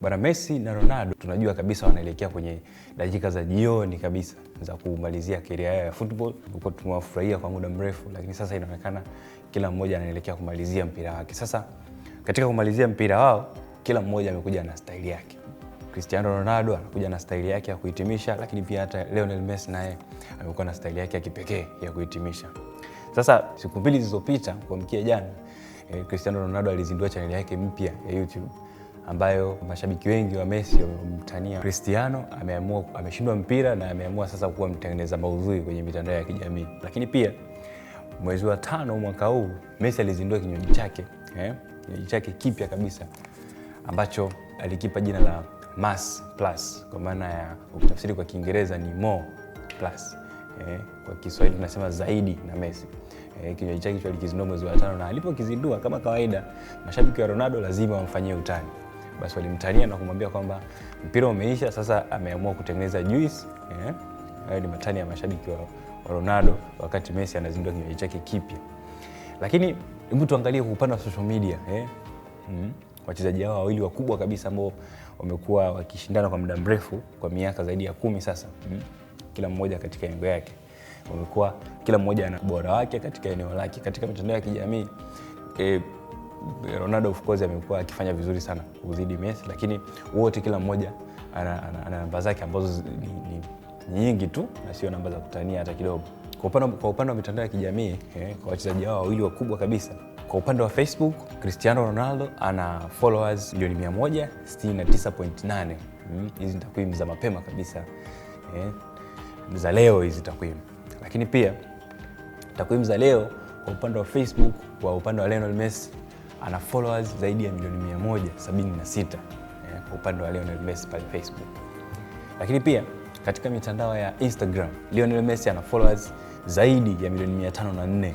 Bwana Messi na Ronaldo tunajua kabisa wanaelekea kwenye dakika za jioni kabisa za kumalizia keria yao ya football. Tulikuwa tumewafurahia kwa muda mrefu, lakini sasa inaonekana kila mmoja anaelekea kumalizia mpira wake. Sasa katika kumalizia mpira wao, kila mmoja amekuja na staili yake. Cristiano Ronaldo anakuja na staili yake ya kuhitimisha, lakini pia hata Lionel Messi naye amekuwa na staili yake ya kipekee ya kuhitimisha. Sasa siku mbili zilizopita, kuamkia jana, eh, Cristiano Ronaldo alizindua chaneli yake mpya ya YouTube ambayo mashabiki wengi wa Messi wamemtania Cristiano. Ameamua, ameshindwa mpira na ameamua sasa kuwa mtengeneza maudhui kwenye mitandao ya kijamii. Lakini pia mwezi wa tano mwaka huu Messi alizindua kinywaji chake eh, kinywaji chake kipya kabisa ambacho alikipa jina la Mas Plus, kwa maana ya ukitafsiri kwa Kiingereza ni more plus eh, kwa Kiswahili tunasema zaidi na Messi eh, kinywaji chake alicho alikizindua mwezi wa tano, na alipokizindua kama kawaida, mashabiki wa Ronaldo lazima wamfanyie utani. Basi walimtania na kumwambia kwamba mpira umeisha, sasa ameamua kutengeneza juice. Eh? Hayo ni matani ya mashabiki wa, Ronaldo wakati Messi anazindua kinywaji chake kipya. Lakini hebu tuangalie kwa upande wa social media eh? mm. wachezaji hao wawili wakubwa kabisa ambao wamekuwa wakishindana kwa muda mrefu, kwa miaka zaidi ya kumi sasa mm. kila mmoja katika eneo yake wamekuwa kila mmoja ana bora wake katika eneo lake katika mitandao ya kijamii eh, Ronaldo of course amekuwa akifanya vizuri sana kuzidi Messi, lakini wote kila mmoja ana, ana, ana namba zake ambazo ni, ni nyingi tu na sio namba za kutania hata kidogo. Kwa upande kwa upande wa mitandao ya kijamii eh, kwa wachezaji hao wawili wakubwa kabisa kwa upande wa Facebook Cristiano Ronaldo ana followers milioni 169.8. Hmm, hizi ni takwimu za mapema kabisa eh, za leo hizi takwimu, lakini pia takwimu za leo kwa upande wa Facebook kwa upande wa Lionel Messi ana followers zaidi ya milioni 176 eh, kwa upande wa Lionel Messi pale Facebook. Lakini pia katika mitandao ya Instagram Lionel Messi ana followers zaidi ya milioni 504.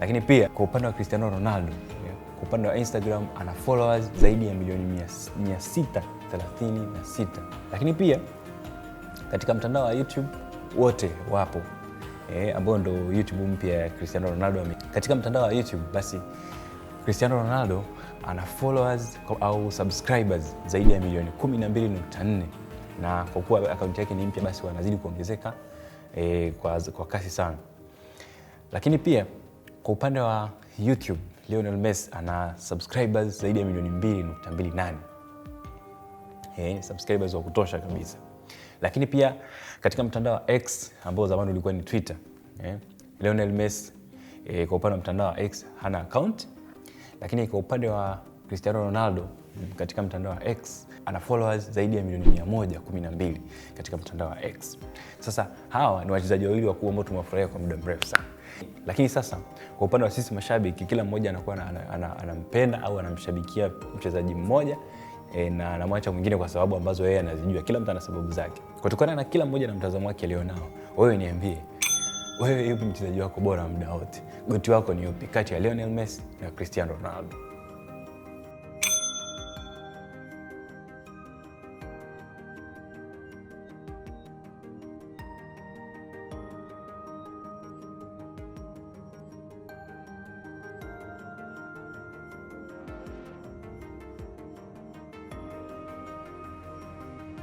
Lakini pia kwa upande wa Cristiano Ronaldo eh, kwa upande wa Instagram ana followers zaidi ya milioni 636. Lakini pia katika mtandao wa YouTube wote wapo eh, ambao ndo YouTube mpya ya Cristiano Ronaldo. Katika mtandao wa YouTube basi Cristiano Ronaldo ana followers au subscribers zaidi ya milioni 12.4 na kwa kuwa akaunti yake ni mpya, basi wanazidi kuongezeka e, kwa, kwa kasi sana. Lakini pia kwa upande wa YouTube Lionel Messi ana subscribers zaidi ya milioni 2.28. Eh, subscribers wa kutosha kabisa. Lakini pia katika mtandao wa X ambao zamani ulikuwa ni Twitter, eh, Lionel Messi eh, kwa upande wa mtandao wa X hana account lakini kwa upande wa Cristiano Ronaldo katika mtandao wa X ana followers zaidi ya milioni 112 katika mtandao wa X. Sasa hawa ni wachezaji wawili wakubwa ambao tumewafurahia kwa muda mrefu sana, lakini sasa kwa upande wa sisi mashabiki, kila mmoja anakuwa anampenda au anamshabikia mchezaji mmoja e, na anamwacha mwingine kwa sababu ambazo yeye anazijua. Kila mtu ana sababu zake, kutokana na kila mmoja na mtazamo wake alionao. Wewe niambie wewe yupi mchezaji wako bora muda wote? Goti wako ni yupi kati ya Lionel Messi na Cristiano Ronaldo?